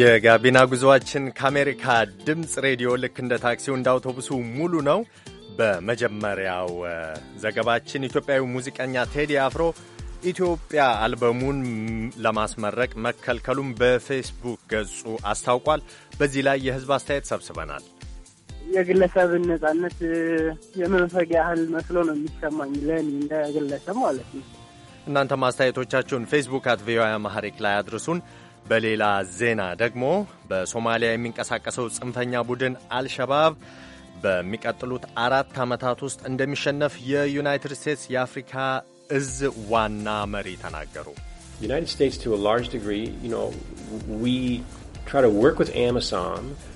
የጋቢና ጉዞአችን ከአሜሪካ ድምፅ ሬዲዮ ልክ እንደ ታክሲው እንደ አውቶቡሱ ሙሉ ነው። በመጀመሪያው ዘገባችን ኢትዮጵያዊ ሙዚቀኛ ቴዲ አፍሮ ኢትዮጵያ አልበሙን ለማስመረቅ መከልከሉን በፌስቡክ ገጹ አስታውቋል። በዚህ ላይ የህዝብ አስተያየት ሰብስበናል። የግለሰብን ነጻነት የመንፈግ ያህል መስሎ ነው የሚሰማኝ ለእኔ እንደ ግለሰብ ማለት ነው። እናንተ ማስተያየቶቻችሁን ፌስቡክ አት ቪኦኤ አማሪክ ላይ አድርሱን። በሌላ ዜና ደግሞ በሶማሊያ የሚንቀሳቀሰው ጽንፈኛ ቡድን አልሸባብ በሚቀጥሉት አራት ዓመታት ውስጥ እንደሚሸነፍ የዩናይትድ ስቴትስ የአፍሪካ እዝ ዋና መሪ ተናገሩ።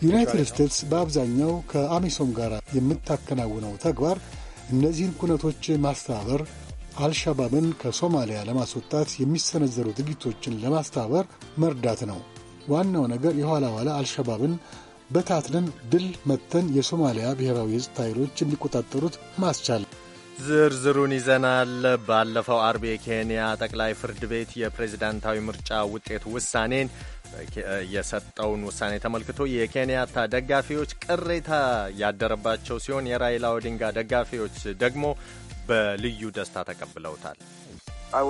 ዩናይትድ ስቴትስ በአብዛኛው ከአሚሶም ጋር የምታከናውነው ተግባር እነዚህን ኩነቶች ማስተባበር አልሻባብን ከሶማሊያ ለማስወጣት የሚሰነዘሩ ድርጊቶችን ለማስተባበር መርዳት ነው። ዋናው ነገር የኋላ ኋላ አልሻባብን በታትነን ድል መተን የሶማሊያ ብሔራዊ የጸጥታ ኃይሎች እንዲቆጣጠሩት ማስቻል። ዝርዝሩን ይዘናል። ባለፈው አርብ የኬንያ ጠቅላይ ፍርድ ቤት የፕሬዝዳንታዊ ምርጫ ውጤት ውሳኔን የሰጠውን ውሳኔ ተመልክቶ የኬንያታ ደጋፊዎች ቅሬታ ያደረባቸው ሲሆን የራይላ ኦዲንጋ ደጋፊዎች ደግሞ በልዩ ደስታ ተቀብለውታል። uh,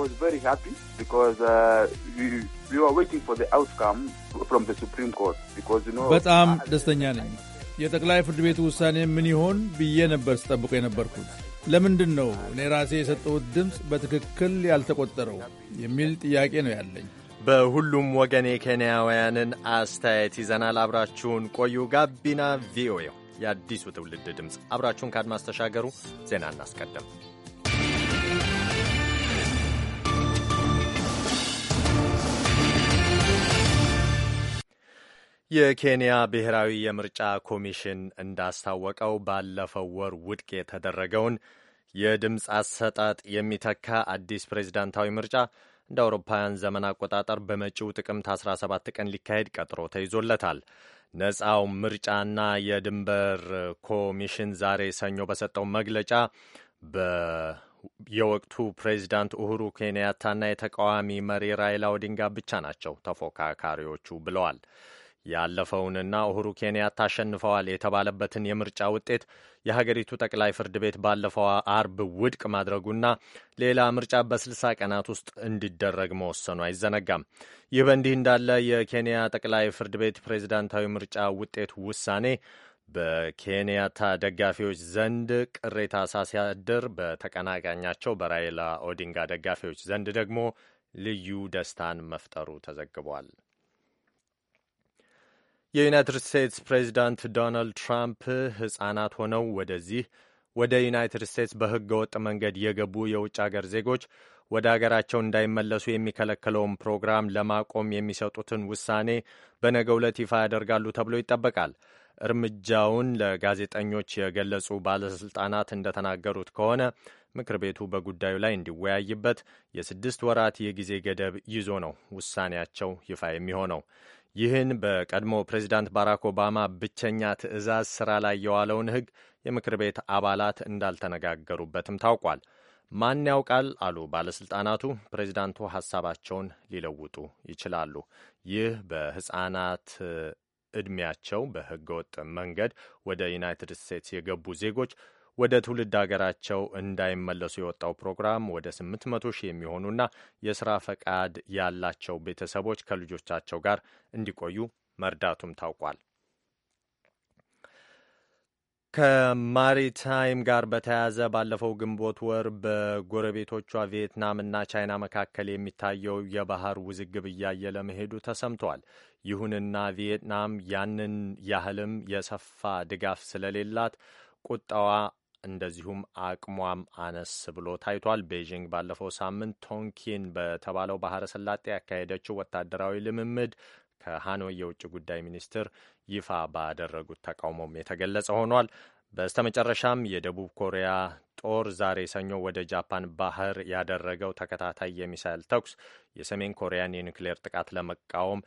በጣም ደስተኛ ነኝ። የጠቅላይ ፍርድ ቤቱ ውሳኔ ምን ይሆን ብዬ ነበር ስጠብቆ የነበርኩት። ለምንድን ነው እኔ ራሴ የሰጠሁት ድምፅ በትክክል ያልተቆጠረው የሚል ጥያቄ ነው ያለኝ። በሁሉም ወገን የኬንያውያንን አስተያየት ይዘናል። አብራችሁን ቆዩ። ጋቢና ቪኦኤ የአዲሱ ትውልድ ድምፅ። አብራችሁን ከአድማስ ተሻገሩ። ዜና እናስቀድም። የኬንያ ብሔራዊ የምርጫ ኮሚሽን እንዳስታወቀው ባለፈው ወር ውድቅ የተደረገውን የድምፅ አሰጣጥ የሚተካ አዲስ ፕሬዚዳንታዊ ምርጫ እንደ አውሮፓውያን ዘመን አቆጣጠር በመጪው ጥቅምት 17 ቀን ሊካሄድ ቀጥሮ ተይዞለታል። ነፃው ምርጫና የድንበር ኮሚሽን ዛሬ ሰኞ በሰጠው መግለጫ የወቅቱ ፕሬዚዳንት ኡሁሩ ኬንያታና የተቃዋሚ መሪ ራይላ ኦዲንጋ ብቻ ናቸው ተፎካካሪዎቹ ብለዋል። ያለፈውንና ኡሁሩ ኬንያታ አሸንፈዋል የተባለበትን የምርጫ ውጤት የሀገሪቱ ጠቅላይ ፍርድ ቤት ባለፈው አርብ ውድቅ ማድረጉና ሌላ ምርጫ በስልሳ ቀናት ውስጥ እንዲደረግ መወሰኑ አይዘነጋም። ይህ በእንዲህ እንዳለ የኬንያ ጠቅላይ ፍርድ ቤት ፕሬዚዳንታዊ ምርጫ ውጤት ውሳኔ በኬንያታ ደጋፊዎች ዘንድ ቅሬታ ሳሲያድር፣ በተቀናቃኛቸው በራይላ ኦዲንጋ ደጋፊዎች ዘንድ ደግሞ ልዩ ደስታን መፍጠሩ ተዘግቧል። የዩናይትድ ስቴትስ ፕሬዚዳንት ዶናልድ ትራምፕ ሕፃናት ሆነው ወደዚህ ወደ ዩናይትድ ስቴትስ በሕገ ወጥ መንገድ የገቡ የውጭ አገር ዜጎች ወደ አገራቸው እንዳይመለሱ የሚከለከለውን ፕሮግራም ለማቆም የሚሰጡትን ውሳኔ በነገው ዕለት ይፋ ያደርጋሉ ተብሎ ይጠበቃል። እርምጃውን ለጋዜጠኞች የገለጹ ባለሥልጣናት እንደተናገሩት ከሆነ ምክር ቤቱ በጉዳዩ ላይ እንዲወያይበት የስድስት ወራት የጊዜ ገደብ ይዞ ነው ውሳኔያቸው ይፋ የሚሆነው። ይህን በቀድሞ ፕሬዚዳንት ባራክ ኦባማ ብቸኛ ትዕዛዝ ሥራ ላይ የዋለውን ሕግ የምክር ቤት አባላት እንዳልተነጋገሩበትም ታውቋል። ማን ያውቃል አሉ ባለሥልጣናቱ፣ ፕሬዚዳንቱ ሐሳባቸውን ሊለውጡ ይችላሉ። ይህ በሕፃናት ዕድሜያቸው በሕገወጥ መንገድ ወደ ዩናይትድ ስቴትስ የገቡ ዜጎች ወደ ትውልድ አገራቸው እንዳይመለሱ የወጣው ፕሮግራም ወደ 800 ሺህ የሚሆኑና የሥራ ፈቃድ ያላቸው ቤተሰቦች ከልጆቻቸው ጋር እንዲቆዩ መርዳቱም ታውቋል። ከማሪታይም ጋር በተያያዘ ባለፈው ግንቦት ወር በጎረቤቶቿ ቪየትናምና ቻይና መካከል የሚታየው የባህር ውዝግብ እያየለ መሄዱ ተሰምቷል። ይሁንና ቪየትናም ያንን ያህልም የሰፋ ድጋፍ ስለሌላት ቁጣዋ እንደዚሁም አቅሟም አነስ ብሎ ታይቷል። ቤዥንግ ባለፈው ሳምንት ቶንኪን በተባለው ባህረ ሰላጤ ያካሄደችው ወታደራዊ ልምምድ ከሃኖይ የውጭ ጉዳይ ሚኒስትር ይፋ ባደረጉት ተቃውሞም የተገለጸ ሆኗል። በስተመጨረሻም የደቡብ ኮሪያ ጦር ዛሬ ሰኞ ወደ ጃፓን ባህር ያደረገው ተከታታይ የሚሳይል ተኩስ የሰሜን ኮሪያን የኒክሌር ጥቃት ለመቃወም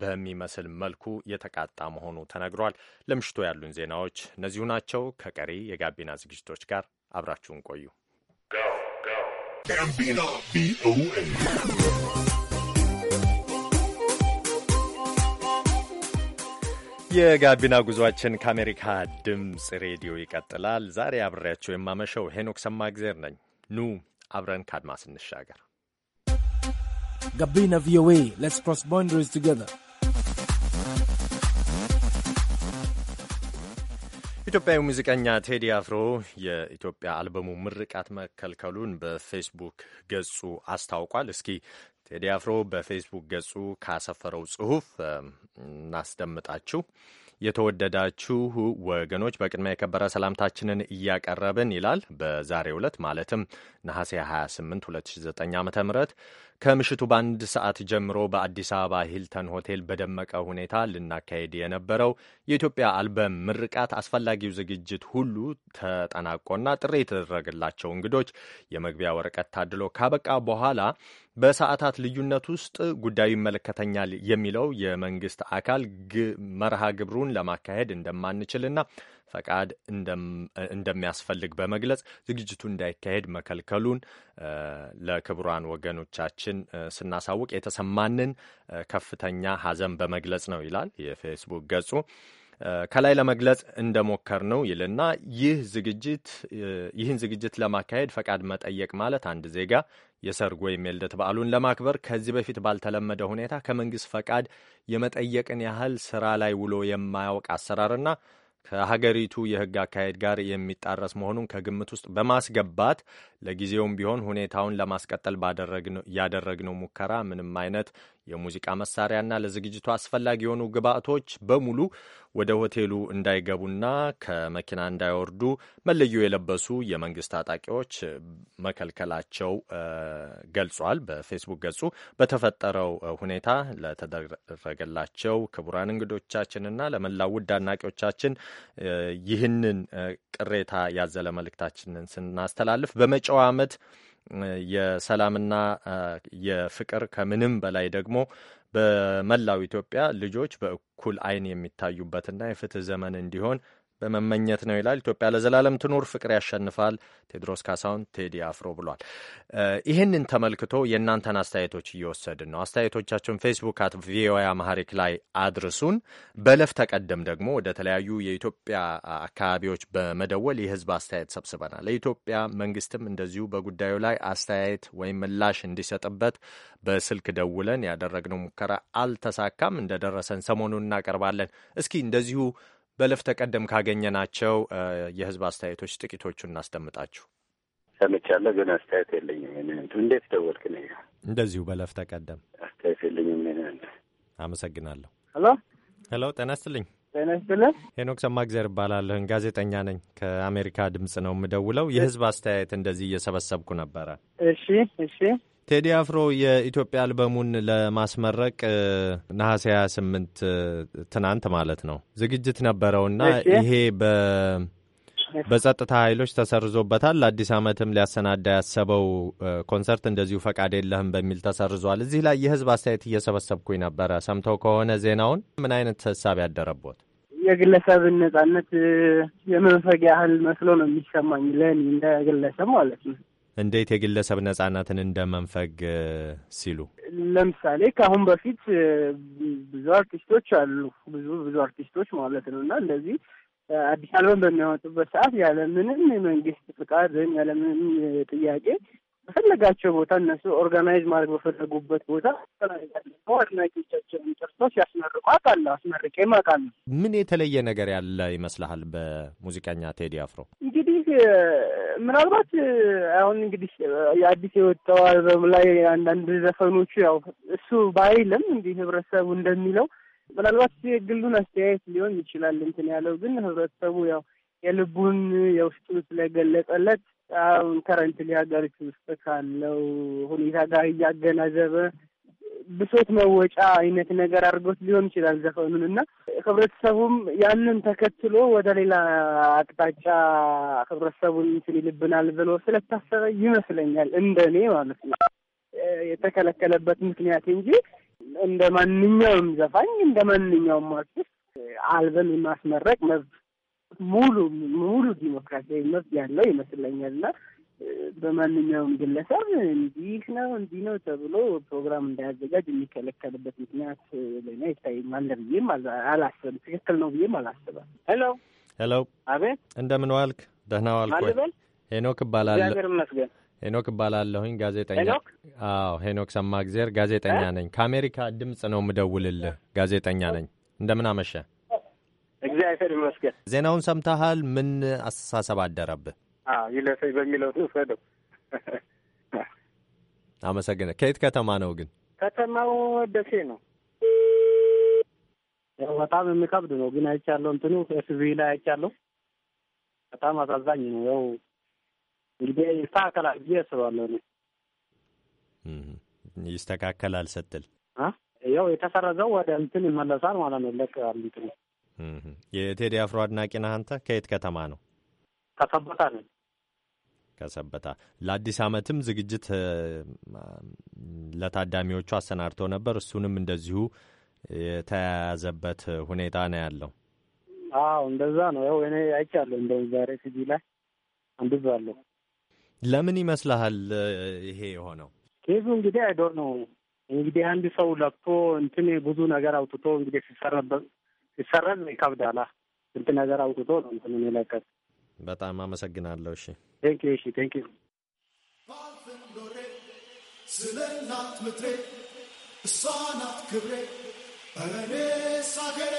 በሚመስል መልኩ የተቃጣ መሆኑ ተነግሯል። ለምሽቱ ያሉን ዜናዎች እነዚሁ ናቸው። ከቀሪ የጋቢና ዝግጅቶች ጋር አብራችሁን ቆዩ። የጋቢና ጉዟችን ከአሜሪካ ድምፅ ሬዲዮ ይቀጥላል። ዛሬ አብሬያቸው የማመሸው ሄኖክ ሰማእግዜር ነኝ። ኑ አብረን ካድማስ እንሻገር። ጋቢና ቪኦኤ ሌትስ ክሮስ ቦንደሪስ ቱጌዘር። ኢትዮጵያዊ ሙዚቀኛ ቴዲ አፍሮ የኢትዮጵያ አልበሙ ምርቃት መከልከሉን በፌስቡክ ገጹ አስታውቋል። እስኪ ቴዲ አፍሮ በፌስቡክ ገጹ ካሰፈረው ጽሁፍ እናስደምጣችሁ። የተወደዳችሁ ወገኖች በቅድሚያ የከበረ ሰላምታችንን እያቀረብን ይላል። በዛሬው ዕለት ማለትም ነሐሴ 28 2009 ዓ ም ከምሽቱ በአንድ ሰዓት ጀምሮ በአዲስ አበባ ሂልተን ሆቴል በደመቀ ሁኔታ ልናካሄድ የነበረው የኢትዮጵያ አልበም ምርቃት አስፈላጊው ዝግጅት ሁሉ ተጠናቆና ጥሪ የተደረገላቸው እንግዶች የመግቢያ ወረቀት ታድሎ ካበቃ በኋላ በሰዓታት ልዩነት ውስጥ ጉዳዩ ይመለከተኛል የሚለው የመንግስት አካል መርሃ ግብሩን ለማካሄድ እንደማንችልና ፈቃድ እንደሚያስፈልግ በመግለጽ ዝግጅቱ እንዳይካሄድ መከልከሉን ለክቡራን ወገኖቻችን መሆናችን ስናሳውቅ የተሰማንን ከፍተኛ ሐዘን በመግለጽ ነው ይላል የፌስቡክ ገጹ። ከላይ ለመግለጽ እንደሞከር ነው ይልና ይህ ዝግጅት ይህን ዝግጅት ለማካሄድ ፈቃድ መጠየቅ ማለት አንድ ዜጋ የሰርግ ወይም የልደት በዓሉን ለማክበር ከዚህ በፊት ባልተለመደ ሁኔታ ከመንግስት ፈቃድ የመጠየቅን ያህል ስራ ላይ ውሎ የማያውቅ አሰራርና ከሀገሪቱ የህግ አካሄድ ጋር የሚጣረስ መሆኑን ከግምት ውስጥ በማስገባት ለጊዜውም ቢሆን ሁኔታውን ለማስቀጠል ያደረግነው ሙከራ ምንም አይነት የሙዚቃ መሳሪያና ለዝግጅቱ አስፈላጊ የሆኑ ግብዓቶች በሙሉ ወደ ሆቴሉ እንዳይገቡና ከመኪና እንዳይወርዱ መለዮ የለበሱ የመንግስት ታጣቂዎች መከልከላቸው ገልጿል። በፌስቡክ ገጹ በተፈጠረው ሁኔታ ለተደረገላቸው ክቡራን እንግዶቻችንና ለመላው ውድ አድናቂዎቻችን ይህንን ቅሬታ ያዘለ መልእክታችንን ስናስተላልፍ በመ በመጪው ዓመት የሰላምና የፍቅር ከምንም በላይ ደግሞ በመላው ኢትዮጵያ ልጆች በእኩል አይን የሚታዩበትና የፍትህ ዘመን እንዲሆን በመመኘት ነው ይላል። ኢትዮጵያ ለዘላለም ትኑር፣ ፍቅር ያሸንፋል፣ ቴድሮስ ካሳሁን ቴዲ አፍሮ ብሏል። ይህንን ተመልክቶ የእናንተን አስተያየቶች እየወሰድን ነው። አስተያየቶቻችሁን ፌስቡክ አት ቪኦኤ አማሪክ ላይ አድርሱን። በለፍ ተቀደም ደግሞ ወደ ተለያዩ የኢትዮጵያ አካባቢዎች በመደወል የህዝብ አስተያየት ሰብስበናል። ለኢትዮጵያ መንግስትም እንደዚሁ በጉዳዩ ላይ አስተያየት ወይም ምላሽ እንዲሰጥበት በስልክ ደውለን ያደረግነው ሙከራ አልተሳካም። እንደደረሰን ሰሞኑን እናቀርባለን። እስኪ እንደዚሁ በለፍ ተቀደም ካገኘናቸው የህዝብ አስተያየቶች ጥቂቶቹን እናስደምጣችሁ። ሰምቻለሁ ግን አስተያየት የለኝም። እንዴት ደወልክ? ነ እንደዚሁ በለፍ ተቀደም አስተያየት የለኝም። አመሰግናለሁ። ሄሎ ሄሎ፣ ጤና ይስጥልኝ። ጤና ይስጥልኝ። ሄኖክ ሰማእግዜር እባላለሁኝ። ጋዜጠኛ ነኝ። ከአሜሪካ ድምፅ ነው የምደውለው። የህዝብ አስተያየት እንደዚህ እየሰበሰብኩ ነበረ። እሺ እሺ ቴዲ አፍሮ የኢትዮጵያ አልበሙን ለማስመረቅ ነሐሴ 28 ትናንት ማለት ነው ዝግጅት ነበረውና ይሄ በጸጥታ ኃይሎች ተሰርዞበታል። ለአዲስ ዓመትም ሊያሰናዳ ያሰበው ኮንሰርት እንደዚሁ ፈቃድ የለህም በሚል ተሰርዟል። እዚህ ላይ የህዝብ አስተያየት እየሰበሰብኩኝ ነበረ። ሰምተው ከሆነ ዜናውን ምን አይነት ሀሳብ ያደረቦት? የግለሰብን ነጻነት የመንፈግ ያህል መስሎ ነው የሚሰማኝ ለእኔ እንደ ግለሰብ ማለት ነው። እንዴት የግለሰብ ነጻነትን እንደመንፈግ ሲሉ ለምሳሌ ከአሁን በፊት ብዙ አርቲስቶች አሉ ብዙ ብዙ አርቲስቶች ማለት ነው እና እንደዚህ አዲስ አልበም በሚያወጡበት ሰዓት ያለምንም የመንግስት ፍቃድ ወይም ያለምንም ጥያቄ በፈለጋቸው ቦታ እነሱ ኦርጋናይዝ ማድረግ በፈለጉበት ቦታ አድናቂዎቻቸውን ጨርሶ ሲያስመርቁ አውቃለሁ። አስመርቄም አውቃለሁ። ምን የተለየ ነገር ያለ ይመስልሃል በሙዚቀኛ ቴዲ አፍሮ? እንግዲህ ምናልባት አሁን እንግዲህ የአዲስ የወጣው አልበም ላይ አንዳንድ ዘፈኖቹ ያው እሱ ባይልም እንዲህ ህብረተሰቡ እንደሚለው ምናልባት የግሉን አስተያየት ሊሆን ይችላል እንትን ያለው ግን ህብረተሰቡ ያው የልቡን የውስጡን ስለገለጸለት አሁን ከረንትሊ ሀገሪቱ ውስጥ ካለው ሁኔታ ጋር እያገናዘበ ብሶት መወጫ አይነት ነገር አድርጎት ሊሆን ይችላል ዘፈኑን እና ህብረተሰቡም ያንን ተከትሎ ወደ ሌላ አቅጣጫ ህብረተሰቡን እንትን ይልብናል ብሎ ስለታሰበ ይመስለኛል እንደ እኔ ማለት ነው የተከለከለበት ምክንያት እንጂ እንደ ማንኛውም ዘፋኝ እንደ ማንኛውም አርቲስት አልበም የማስመረቅ መብት ሙሉ ሙሉ ዲሞክራሲያዊ መብት ያለው ይመስለኛል እና በማንኛውም ግለሰብ እንዲህ ነው እንዲህ ነው ተብሎ ፕሮግራም እንዳያዘጋጅ የሚከለከልበት ምክንያት ለእኔ አይታይም አለ ብዬም አላስብም። ትክክል ነው ብዬም አላስብም። ሄሎ ሄሎ፣ አቤት፣ እንደምን ዋልክ? ደህና ዋልክ ወይ? ሄኖክ እባላለሁ። ሄኖክ እባላለሁኝ ጋዜጠኛ። አዎ ሄኖክ ሰማ ሰማግዜር ጋዜጠኛ ነኝ። ከአሜሪካ ድምፅ ነው የምደውልልህ። ጋዜጠኛ ነኝ። እንደምን አመሸህ? እግዚአብሔር ይመስገን። ዜናውን ሰምተሃል? ምን አስተሳሰብ አደረብህ? ይለሰኝ በሚለው ውሰደው። አመሰግነ። ከየት ከተማ ነው ግን? ከተማው ደሴ ነው። በጣም የሚከብድ ነው ግን አይቻለሁ። እንትኑ ኤፍቪ ላይ አይቻለሁ። በጣም አሳዛኝ ነው። ያው እንግዲህ ይስተካከላል ብዬ አስባለሁ ነው ይስተካከላል ስትል ያው የተሰረዘው ወደ እንትን ይመለሳል ማለት ነው። ለቅ እንትኑ የቴዲ አፍሮ አድናቂ ነህ አንተ? ከየት ከተማ ነው? ከሰበታ ነኝ። ከሰበታ ለአዲስ ዓመትም ዝግጅት ለታዳሚዎቹ አሰናድቶ ነበር። እሱንም እንደዚሁ የተያያዘበት ሁኔታ ነው ያለው። አዎ እንደዛ ነው። ያው እኔ አይቻለሁ። እንደውም ዛሬ ሲዲ ላይ አንብቤያለሁ። ለምን ይመስልሃል ይሄ የሆነው? ኬዙ እንግዲህ አይዶር ነው እንግዲህ አንድ ሰው ለፍቶ እንትን ብዙ ነገር አውጥቶ እንግዲህ ሲሰራበት ሲሰረዝ ይከብዳላ። ስንት ነገር አውጥቶ ነው እንትኑን የለቀቅ። በጣም አመሰግናለሁ። እሺ ቴንክ ዩ። እሺ ቴንክ ዩ። ስለ እናት ምትሬ እሷ ናት ክብሬ እኔ ሳገሬ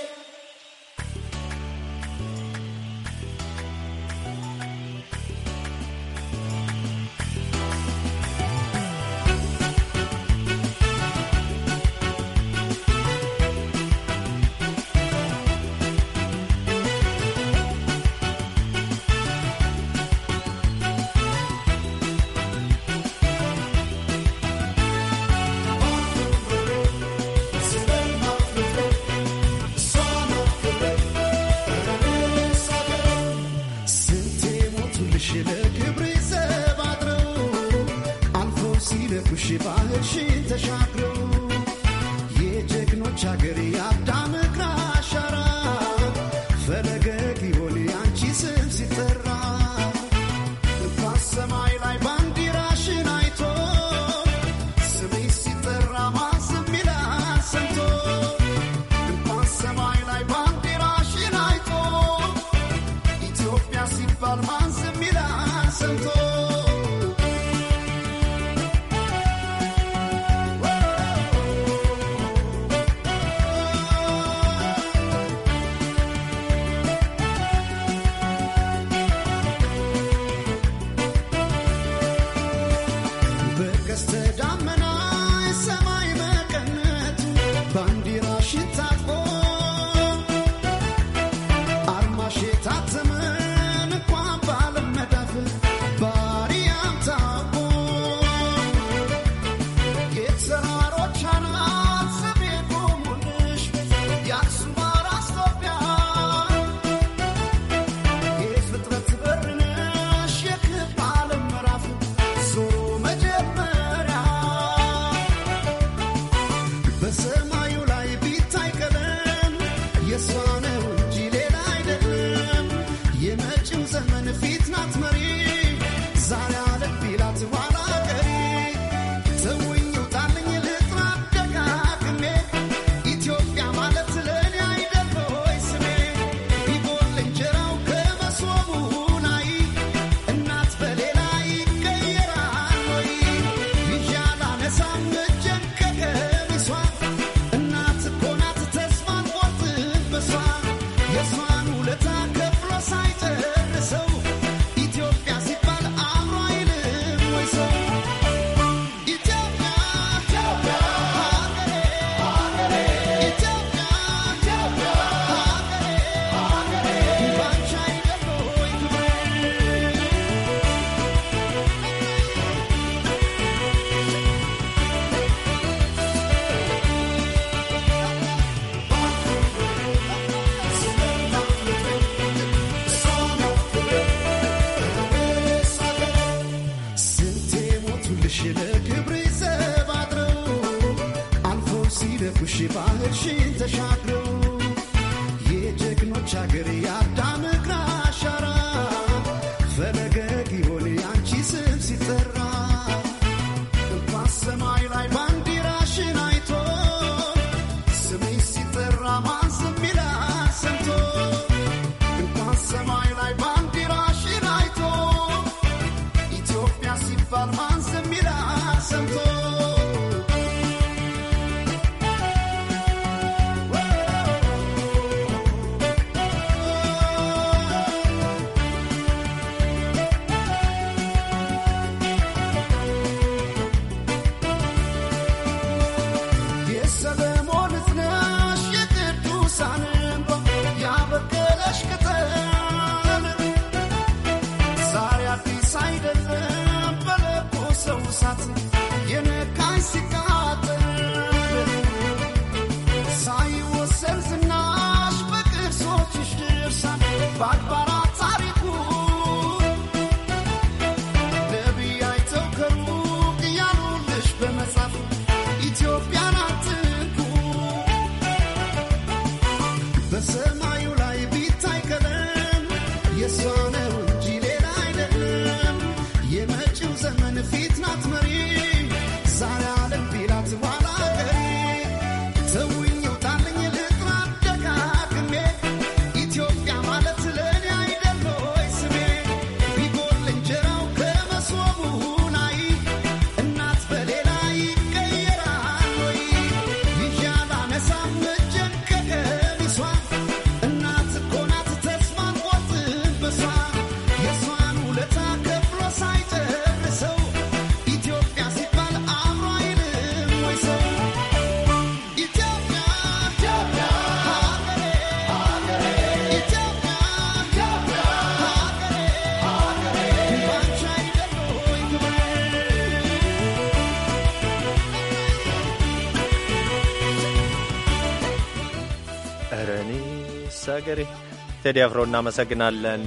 ቴዲ አፍሮ እናመሰግናለን።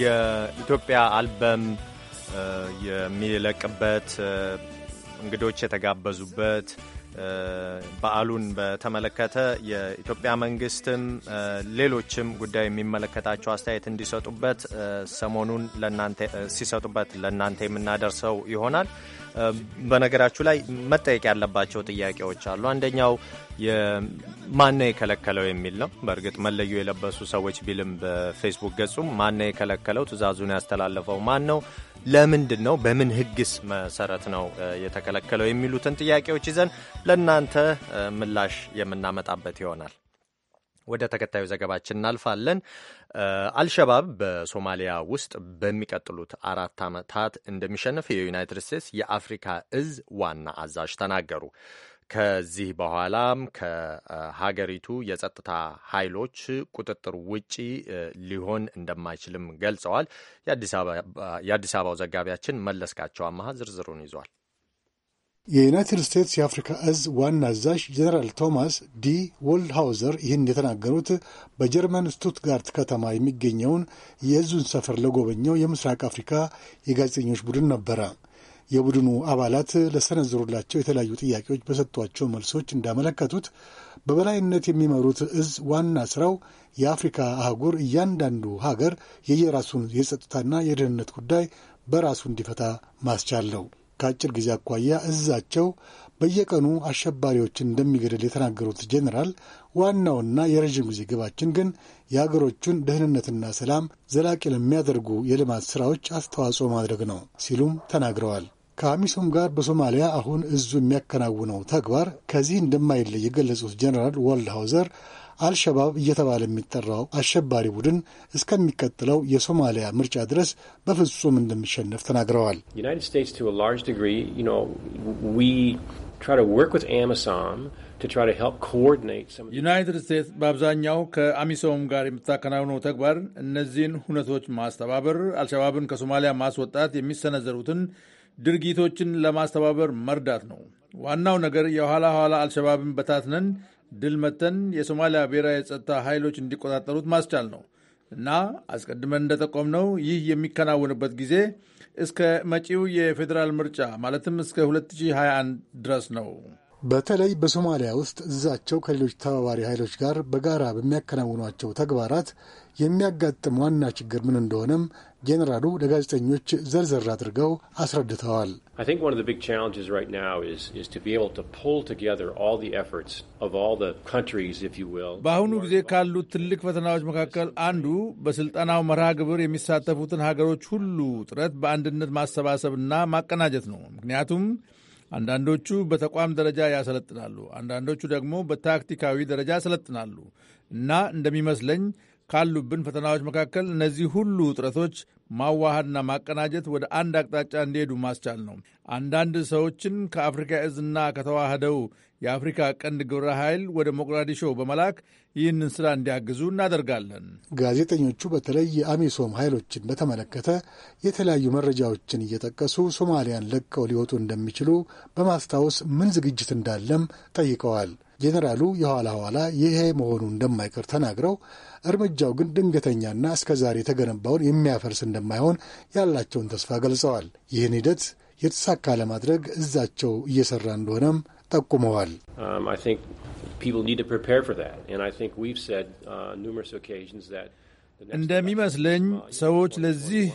የኢትዮጵያ አልበም የሚለቅበት እንግዶች የተጋበዙበት በዓሉን በተመለከተ የኢትዮጵያ መንግስትም ሌሎችም ጉዳይ የሚመለከታቸው አስተያየት እንዲሰጡበት ሰሞኑን ሲሰጡበት ለእናንተ የምናደርሰው ይሆናል። በነገራችሁ ላይ መጠየቅ ያለባቸው ጥያቄዎች አሉ። አንደኛው ማነው የከለከለው የሚል ነው። በእርግጥ መለዩ የለበሱ ሰዎች ቢልም በፌስቡክ ገጹም ማነው የከለከለው፣ ትእዛዙን ያስተላለፈው ማን ነው? ለምንድን ነው በምን ህግስ መሰረት ነው የተከለከለው የሚሉትን ጥያቄዎች ይዘን ለእናንተ ምላሽ የምናመጣበት ይሆናል። ወደ ተከታዩ ዘገባችን እናልፋለን። አልሸባብ በሶማሊያ ውስጥ በሚቀጥሉት አራት ዓመታት እንደሚሸነፍ የዩናይትድ ስቴትስ የአፍሪካ እዝ ዋና አዛዥ ተናገሩ። ከዚህ በኋላም ከሀገሪቱ የጸጥታ ኃይሎች ቁጥጥር ውጪ ሊሆን እንደማይችልም ገልጸዋል። የአዲስ አበባው ዘጋቢያችን መለስካቸው አመሀ ዝርዝሩን ይዟል። የዩናይትድ ስቴትስ የአፍሪካ እዝ ዋና አዛዥ ጀኔራል ቶማስ ዲ ወልድሃውዘር ይህን የተናገሩት በጀርመን ስቱትጋርት ከተማ የሚገኘውን የእዙን ሰፈር ለጎበኘው የምስራቅ አፍሪካ የጋዜጠኞች ቡድን ነበረ። የቡድኑ አባላት ለሰነዘሩላቸው የተለያዩ ጥያቄዎች በሰጧቸው መልሶች እንዳመለከቱት በበላይነት የሚመሩት እዝ ዋና ስራው የአፍሪካ አህጉር እያንዳንዱ ሀገር የየራሱን የጸጥታና የደህንነት ጉዳይ በራሱ እንዲፈታ ማስቻል ነው። ከአጭር ጊዜ አኳያ እዛቸው በየቀኑ አሸባሪዎችን እንደሚገድል የተናገሩት ጄኔራል ዋናውና የረዥም ጊዜ ግባችን ግን የአገሮቹን ደህንነትና ሰላም ዘላቂ ለሚያደርጉ የልማት ስራዎች አስተዋጽኦ ማድረግ ነው ሲሉም ተናግረዋል። ከአሚሶም ጋር በሶማሊያ አሁን እዙ የሚያከናውነው ተግባር ከዚህ እንደማይለይ የገለጹት ጀኔራል ወልድ ሃውዘር አልሸባብ እየተባለ የሚጠራው አሸባሪ ቡድን እስከሚቀጥለው የሶማሊያ ምርጫ ድረስ በፍጹም እንደሚሸነፍ ተናግረዋል። ዩናይትድ ስቴትስ በአብዛኛው ከአሚሶም ጋር የምታከናውነው ተግባር እነዚህን ሁነቶች ማስተባበር፣ አልሸባብን ከሶማሊያ ማስወጣት የሚሰነዘሩትን ድርጊቶችን ለማስተባበር መርዳት ነው። ዋናው ነገር የኋላ ኋላ አልሸባብን በታትነን ድል መተን የሶማሊያ ብሔራዊ የጸጥታ ኃይሎች እንዲቆጣጠሩት ማስቻል ነው እና አስቀድመን እንደጠቆምነው ይህ የሚከናወንበት ጊዜ እስከ መጪው የፌዴራል ምርጫ ማለትም እስከ 2021 ድረስ ነው። በተለይ በሶማሊያ ውስጥ እዛቸው ከሌሎች ተባባሪ ኃይሎች ጋር በጋራ በሚያከናውኗቸው ተግባራት የሚያጋጥም ዋና ችግር ምን እንደሆነም ጄኔራሉ ለጋዜጠኞች ዘርዘር አድርገው አስረድተዋል። በአሁኑ ጊዜ ካሉት ትልቅ ፈተናዎች መካከል አንዱ በስልጠናው መርሃ ግብር የሚሳተፉትን ሀገሮች ሁሉ ጥረት በአንድነት ማሰባሰብና ማቀናጀት ነው። ምክንያቱም አንዳንዶቹ በተቋም ደረጃ ያሰለጥናሉ፣ አንዳንዶቹ ደግሞ በታክቲካዊ ደረጃ ያሰለጥናሉ እና እንደሚመስለኝ ካሉብን ፈተናዎች መካከል እነዚህ ሁሉ ውጥረቶች ማዋሃድና ማቀናጀት ወደ አንድ አቅጣጫ እንዲሄዱ ማስቻል ነው። አንዳንድ ሰዎችን ከአፍሪካ እዝና ከተዋህደው የአፍሪካ ቀንድ ግብረ ኃይል ወደ ሞቃዲሾ በመላክ ይህንን ስራ እንዲያግዙ እናደርጋለን። ጋዜጠኞቹ በተለይ የአሚሶም ኃይሎችን በተመለከተ የተለያዩ መረጃዎችን እየጠቀሱ ሶማሊያን ለቀው ሊወጡ እንደሚችሉ በማስታወስ ምን ዝግጅት እንዳለም ጠይቀዋል። ጄኔራሉ የኋላ ኋላ ይሄ መሆኑ እንደማይቀር ተናግረው እርምጃው ግን ድንገተኛና እስከዛሬ የተገነባውን የሚያፈርስ እንደማይሆን ያላቸውን ተስፋ ገልጸዋል። ይህን ሂደት የተሳካ ለማድረግ እዛቸው እየሰራ እንደሆነም ጠቁመዋል። um, uh, እንደሚመስለኝ ሰዎች ለዚህ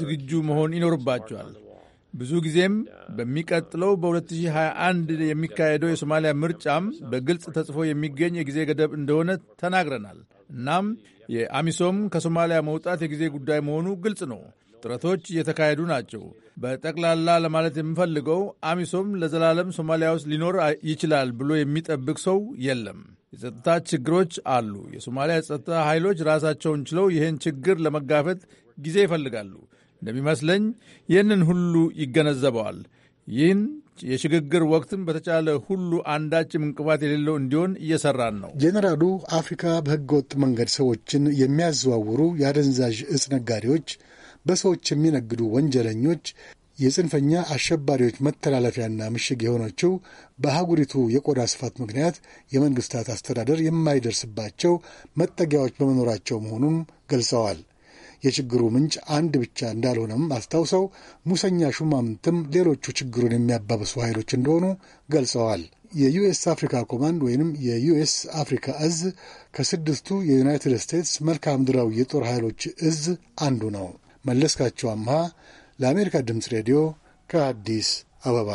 ዝግጁ መሆን ይኖርባቸዋል። ብዙ ጊዜም uh, በሚቀጥለው በ2021 uh, የሚካሄደው የሶማሊያ ምርጫም በግልጽ ተጽፎ የሚገኝ የጊዜ ገደብ እንደሆነ ተናግረናል። እናም የአሚሶም ከሶማሊያ መውጣት የጊዜ ጉዳይ መሆኑ ግልጽ ነው። ጥረቶች እየተካሄዱ ናቸው። በጠቅላላ ለማለት የምፈልገው አሚሶም ለዘላለም ሶማሊያ ውስጥ ሊኖር ይችላል ብሎ የሚጠብቅ ሰው የለም። የጸጥታ ችግሮች አሉ። የሶማሊያ የጸጥታ ኃይሎች ራሳቸውን ችለው ይህን ችግር ለመጋፈት ጊዜ ይፈልጋሉ። እንደሚመስለኝ ይህንን ሁሉ ይገነዘበዋል። ይህን የሽግግር ወቅትም በተቻለ ሁሉ አንዳችም እንቅፋት የሌለው እንዲሆን እየሰራን ነው። ጄኔራሉ አፍሪካ በህገወጥ መንገድ ሰዎችን የሚያዘዋውሩ የአደንዛዥ እጽ ነጋዴዎች፣ በሰዎች የሚነግዱ ወንጀለኞች፣ የጽንፈኛ አሸባሪዎች መተላለፊያና ምሽግ የሆነችው በአህጉሪቱ የቆዳ ስፋት ምክንያት የመንግስታት አስተዳደር የማይደርስባቸው መጠጊያዎች በመኖራቸው መሆኑን ገልጸዋል። የችግሩ ምንጭ አንድ ብቻ እንዳልሆነም አስታውሰው ሙሰኛ ሹማምንትም ሌሎቹ ችግሩን የሚያባብሱ ኃይሎች እንደሆኑ ገልጸዋል። የዩኤስ አፍሪካ ኮማንድ ወይም የዩኤስ አፍሪካ እዝ ከስድስቱ የዩናይትድ ስቴትስ መልክዓ ምድራዊ የጦር ኃይሎች እዝ አንዱ ነው። መለስካቸው አምሃ ለአሜሪካ ድምፅ ሬዲዮ ከአዲስ አበባ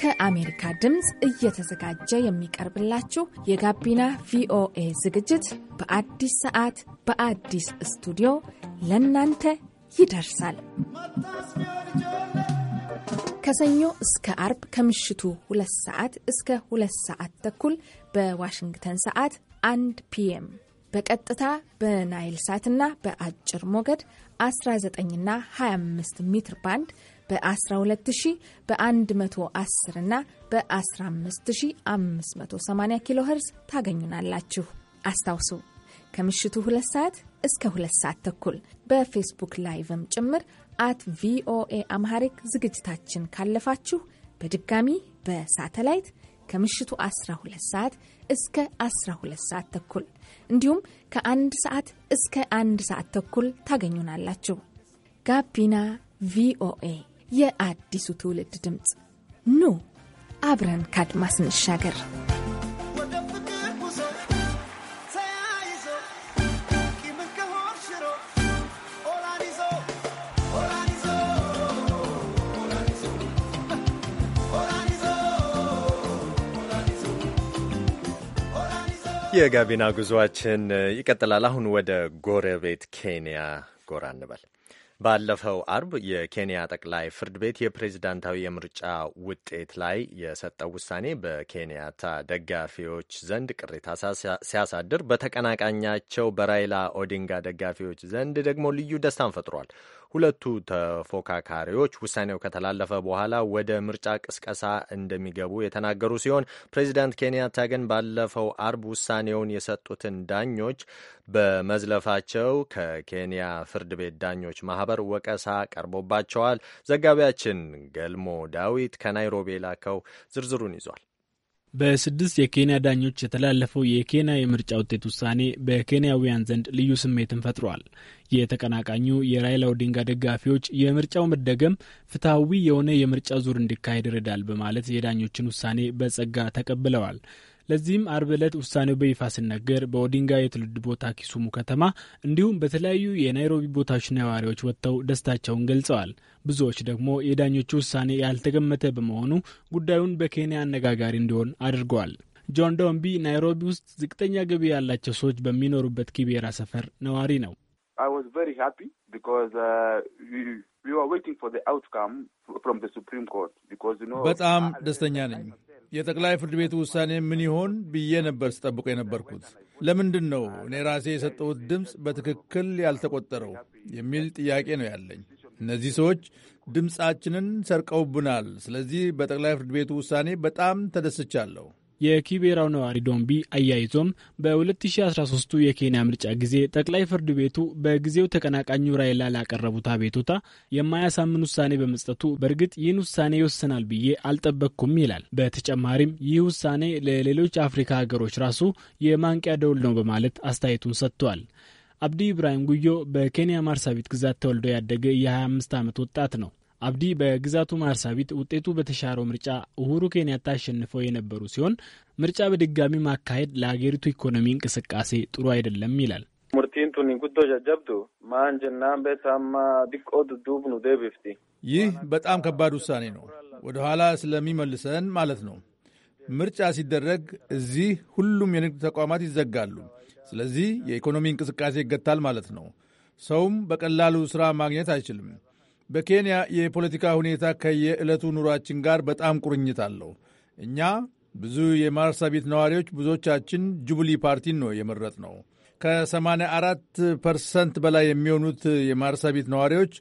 ከአሜሪካ ድምፅ እየተዘጋጀ የሚቀርብላችሁ የጋቢና ቪኦኤ ዝግጅት በአዲስ ሰዓት በአዲስ ስቱዲዮ ለእናንተ ይደርሳል። ከሰኞ እስከ አርብ ከምሽቱ ሁለት ሰዓት እስከ ሁለት ሰዓት ተኩል በዋሽንግተን ሰዓት አንድ ፒኤም በቀጥታ በናይል ሳትና በአጭር ሞገድ 19ና 25 ሜትር ባንድ በ12000 በ110 እና በ15580 ኪሎ ኸርዝ ታገኙናላችሁ። አስታውሱ ከምሽቱ 2 ሰዓት እስከ ሁለት ሰዓት ተኩል በፌስቡክ ላይቭም ጭምር አት ቪኦኤ አምሃሪክ ዝግጅታችን ካለፋችሁ በድጋሚ በሳተላይት ከምሽቱ 12 ሰዓት እስከ 12 ሰዓት ተኩል እንዲሁም ከአንድ ሰዓት እስከ አንድ ሰዓት ተኩል ታገኙናላችሁ። ጋቢና ቪኦኤ የአዲሱ ትውልድ ድምፅ ኑ አብረን ካድማስ እንሻገር። የጋቢና ጉዞአችን ይቀጥላል። አሁን ወደ ጎረቤት ኬንያ ጎራ እንበል። ባለፈው አርብ የኬንያ ጠቅላይ ፍርድ ቤት የፕሬዝዳንታዊ የምርጫ ውጤት ላይ የሰጠው ውሳኔ በኬንያታ ደጋፊዎች ዘንድ ቅሬታ ሲያሳድር፣ በተቀናቃኛቸው በራይላ ኦዲንጋ ደጋፊዎች ዘንድ ደግሞ ልዩ ደስታን ፈጥሯል። ሁለቱ ተፎካካሪዎች ውሳኔው ከተላለፈ በኋላ ወደ ምርጫ ቅስቀሳ እንደሚገቡ የተናገሩ ሲሆን ፕሬዚዳንት ኬንያታ ግን ባለፈው አርብ ውሳኔውን የሰጡትን ዳኞች በመዝለፋቸው ከኬንያ ፍርድ ቤት ዳኞች ማህበር ወቀሳ ቀርቦባቸዋል። ዘጋቢያችን ገልሞ ዳዊት ከናይሮቢ የላከው ዝርዝሩን ይዟል። በስድስት የኬንያ ዳኞች የተላለፈው የኬንያ የምርጫ ውጤት ውሳኔ በኬንያውያን ዘንድ ልዩ ስሜትን ፈጥሯል። የተቀናቃኙ የራይላ ኦዲንጋ ደጋፊዎች የምርጫው መደገም ፍትሐዊ የሆነ የምርጫ ዙር እንዲካሄድ ይረዳል በማለት የዳኞችን ውሳኔ በጸጋ ተቀብለዋል። ለዚህም አርብ ዕለት ውሳኔው በይፋ ሲነገር በኦዲንጋ የትውልድ ቦታ ኪሱሙ ከተማ እንዲሁም በተለያዩ የናይሮቢ ቦታዎች ነዋሪዎች ወጥተው ደስታቸውን ገልጸዋል። ብዙዎች ደግሞ የዳኞቹ ውሳኔ ያልተገመተ በመሆኑ ጉዳዩን በኬንያ አነጋጋሪ እንዲሆን አድርገዋል። ጆን ዶምቢ ናይሮቢ ውስጥ ዝቅተኛ ገቢ ያላቸው ሰዎች በሚኖሩበት ኪቤራ ሰፈር ነዋሪ ነው። uh, በጣም ደስተኛ ነኝ። የጠቅላይ ፍርድ ቤቱ ውሳኔ ምን ይሆን ብዬ ነበር ስጠብቆ የነበርኩት። ለምንድን ነው እኔ ራሴ የሰጠሁት ድምፅ በትክክል ያልተቆጠረው የሚል ጥያቄ ነው ያለኝ። እነዚህ ሰዎች ድምፃችንን ሰርቀውብናል። ስለዚህ በጠቅላይ ፍርድ ቤቱ ውሳኔ በጣም ተደስቻለሁ። የኪቤራው ነዋሪ ዶምቢ አያይዞም በ2013ቱ የኬንያ ምርጫ ጊዜ ጠቅላይ ፍርድ ቤቱ በጊዜው ተቀናቃኙ ራይላ ላቀረቡት አቤቱታ የማያሳምን ውሳኔ በመስጠቱ በእርግጥ ይህን ውሳኔ ይወስናል ብዬ አልጠበቅኩም ይላል። በተጨማሪም ይህ ውሳኔ ለሌሎች አፍሪካ ሀገሮች ራሱ የማንቂያ ደውል ነው በማለት አስተያየቱን ሰጥቷል። አብዲ ኢብራሂም ጉዮ በኬንያ ማርሳቢት ግዛት ተወልዶ ያደገ የ25 ዓመት ወጣት ነው። አብዲ በግዛቱ ማርሳቢት ውጤቱ በተሻረው ምርጫ ኡሁሩ ኬንያታ አሸንፈው የነበሩ ሲሆን ምርጫ በድጋሚ ማካሄድ ለሀገሪቱ ኢኮኖሚ እንቅስቃሴ ጥሩ አይደለም ይላል። ይህ በጣም ከባድ ውሳኔ ነው፣ ወደ ኋላ ስለሚመልሰን ማለት ነው። ምርጫ ሲደረግ እዚህ ሁሉም የንግድ ተቋማት ይዘጋሉ። ስለዚህ የኢኮኖሚ እንቅስቃሴ ይገታል ማለት ነው። ሰውም በቀላሉ ሥራ ማግኘት አይችልም። በኬንያ የፖለቲካ ሁኔታ ከየዕለቱ ኑሯችን ጋር በጣም ቁርኝት አለው። እኛ ብዙ የማርሳቢት ነዋሪዎች ብዙዎቻችን ጁብሊ ፓርቲን ነው የመረጥ ነው። ከ84 ፐርሰንት በላይ የሚሆኑት የማርሳቢት ነዋሪዎች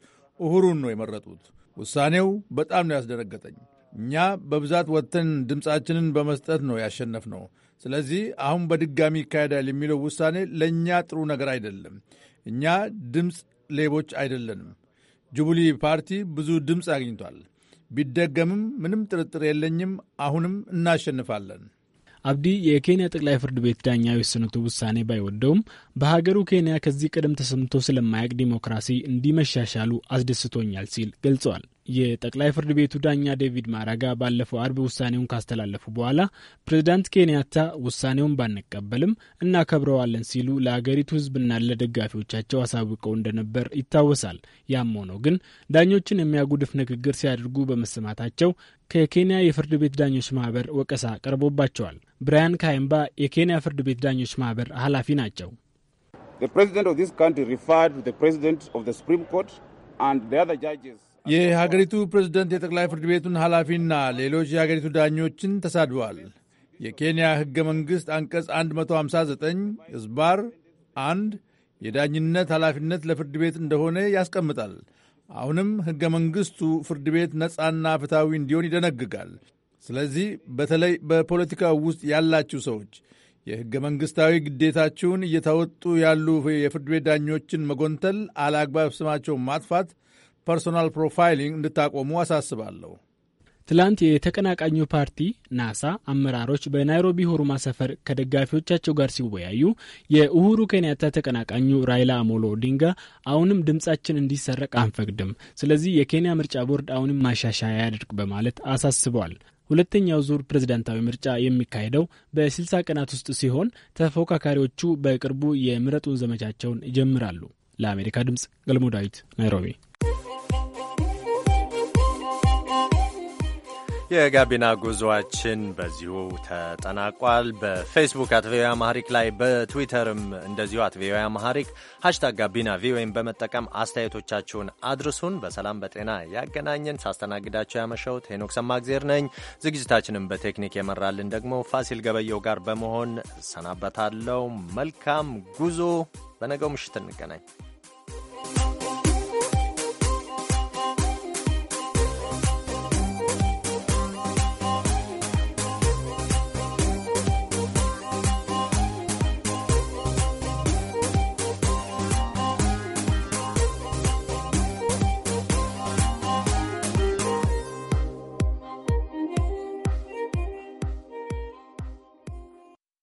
እሁሩን ነው የመረጡት። ውሳኔው በጣም ነው ያስደነገጠኝ። እኛ በብዛት ወጥተን ድምፃችንን በመስጠት ነው ያሸነፍ ነው። ስለዚህ አሁን በድጋሚ ይካሄዳል የሚለው ውሳኔ ለእኛ ጥሩ ነገር አይደለም። እኛ ድምፅ ሌቦች አይደለንም። ጁቢሊ ፓርቲ ብዙ ድምፅ አግኝቷል። ቢደገምም ምንም ጥርጥር የለኝም፣ አሁንም እናሸንፋለን። አብዲ የኬንያ ጠቅላይ ፍርድ ቤት ዳኛ የወሰኑት ውሳኔ ባይወደውም በሀገሩ ኬንያ ከዚህ ቀደም ተሰምቶ ስለማያውቅ ዲሞክራሲ እንዲመሻሻሉ አስደስቶኛል ሲል ገልጸዋል። የጠቅላይ ፍርድ ቤቱ ዳኛ ዴቪድ ማራጋ ባለፈው አርብ ውሳኔውን ካስተላለፉ በኋላ ፕሬዚዳንት ኬንያታ ውሳኔውን ባንቀበልም እናከብረዋለን ሲሉ ለአገሪቱ ሕዝብና ለደጋፊዎቻቸው አሳውቀው እንደነበር ይታወሳል። ያም ሆኖ ግን ዳኞችን የሚያጉድፍ ንግግር ሲያደርጉ በመሰማታቸው ከኬንያ የፍርድ ቤት ዳኞች ማህበር ወቀሳ ቀርቦባቸዋል። ብራያን ካይምባ የኬንያ ፍርድ ቤት ዳኞች ማህበር ኃላፊ ናቸው። ፕሬዚደንት የሀገሪቱ ፕሬዝደንት የጠቅላይ ፍርድ ቤቱን ኃላፊና ሌሎች የሀገሪቱ ዳኞችን ተሳድበዋል። የኬንያ ሕገ መንግሥት አንቀጽ 159 እዝባር አንድ የዳኝነት ኃላፊነት ለፍርድ ቤት እንደሆነ ያስቀምጣል። አሁንም ሕገ መንግሥቱ ፍርድ ቤት ነፃና ፍትሐዊ እንዲሆን ይደነግጋል። ስለዚህ በተለይ በፖለቲካው ውስጥ ያላችሁ ሰዎች የሕገ መንግሥታዊ ግዴታችሁን እየተወጡ ያሉ የፍርድ ቤት ዳኞችን መጎንተል፣ አላግባብ ስማቸውን ማጥፋት፣ ፐርሶናል ፕሮፋይሊንግ እንድታቆሙ አሳስባለሁ። ትላንት የተቀናቃኙ ፓርቲ ናሳ አመራሮች በናይሮቢ ሆሩማ ሰፈር ከደጋፊዎቻቸው ጋር ሲወያዩ የኡሁሩ ኬንያታ ተቀናቃኙ ራይላ አሞሎ ኦዲንጋ አሁንም ድምጻችን እንዲሰረቅ አንፈቅድም፣ ስለዚህ የኬንያ ምርጫ ቦርድ አሁንም ማሻሻያ ያድርግ በማለት አሳስበዋል። ሁለተኛው ዙር ፕሬዝዳንታዊ ምርጫ የሚካሄደው በ60 ቀናት ውስጥ ሲሆን ተፎካካሪዎቹ በቅርቡ የምረጡን ዘመቻቸውን ይጀምራሉ። ለአሜሪካ ድምጽ ገልሞ ዳዊት ናይሮቢ። የጋቢና ጉዞአችን በዚሁ ተጠናቋል። በፌስቡክ አት ቪኦኤ አማሪክ ላይ በትዊተርም እንደዚሁ አት ቪኦኤ አማሪክ ሀሽታግ ጋቢና ቪኦኤን በመጠቀም አስተያየቶቻችሁን አድርሱን። በሰላም በጤና ያገናኘን። ሳስተናግዳቸው ያመሸሁት ሄኖክ ሰማግዜር ነኝ። ዝግጅታችንም በቴክኒክ የመራልን ደግሞ ፋሲል ገበየው ጋር በመሆን ሰናበታለው መልካም ጉዞ። በነገው ምሽት እንገናኝ።